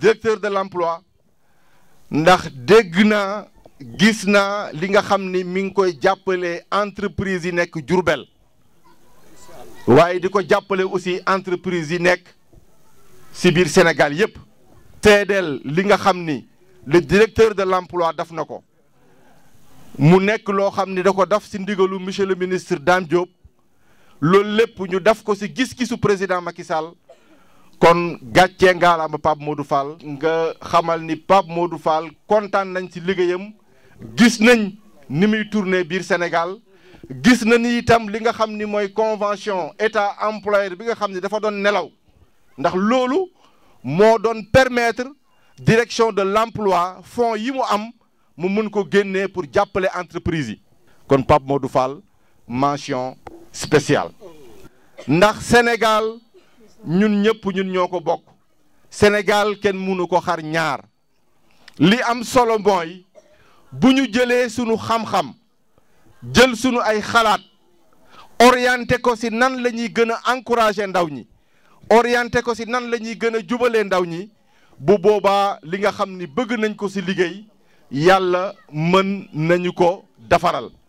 directeur de l'emploi ndax dégg naa gis naa li nga xam ni mi ngi koy jàppale entreprise yi nekk Jurbel waaye di ko jàppale aussi entreprise yi nekk ci biir Sénégal yépp teedeel li nga xam ni le directeur de l'emploi daf na ko mu nekk loo xam ni da ko daf ci ndigalu monsieur le ministre Dame Diop loolu lépp ñu daf ko ci gis-gisu président Macky Sall kon gàccee ngaalaama moo Modou Fall nga xamal ni Pape Modou Fall kontaan nañ ci liggéeyam gis nañ ni muy tourner biir Sénégal gis na ni itam li nga xam ni mooy convention état employeur bi nga xam ni dafa doon nelaw ndax loolu moo doon permettre direction de l'emploi fonds yi mu am mu mun ko génnee pour jàppale entreprise yi kon Pape Modou Fall mention spéciale ndax Sénégal ñun ñëpp ñun ñoo ko bokk Sénégal kenn mënu ko xar ñaar li am solo yi bu ñu jëlee sunu xam-xam jël sunu ay xalaat orienté ko ci nan la ñuy gën a encourager ndaw ñi orienté ko ci nan la ñuy gën a jubalee ndaw ñi bu boobaa li nga xam ni bëgg nañ ko ci liggéey yàlla mën nañu ko defaral